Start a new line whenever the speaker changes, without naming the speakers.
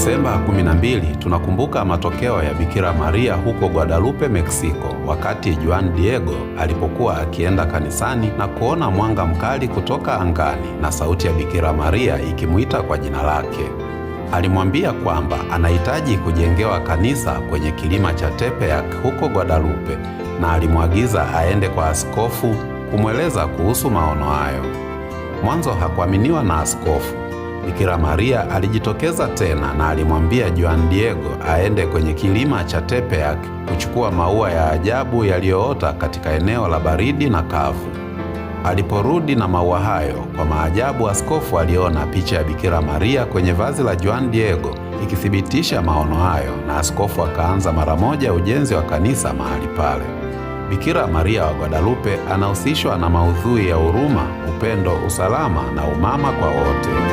Disemba 12 tunakumbuka matokeo ya Bikira Maria huko Guadalupe, Meksiko, wakati Juan Diego alipokuwa akienda kanisani na kuona mwanga mkali kutoka angani na sauti ya Bikira Maria ikimwita kwa jina lake. Alimwambia kwamba anahitaji kujengewa kanisa kwenye kilima cha Tepeyac huko Guadalupe, na alimwagiza aende kwa askofu kumweleza kuhusu maono hayo. Mwanzo hakuaminiwa na askofu Bikira Maria alijitokeza tena na alimwambia Juan Diego aende kwenye kilima cha Tepeyac kuchukua maua ya ajabu yaliyoota katika eneo la baridi na kavu. Aliporudi na maua hayo, kwa maajabu, askofu aliona picha ya Bikira Maria kwenye vazi la Juan Diego ikithibitisha maono hayo, na askofu akaanza mara moja ujenzi wa kanisa mahali pale. Bikira Maria wa Guadalupe anahusishwa na maudhui ya huruma, upendo, usalama na umama kwa wote.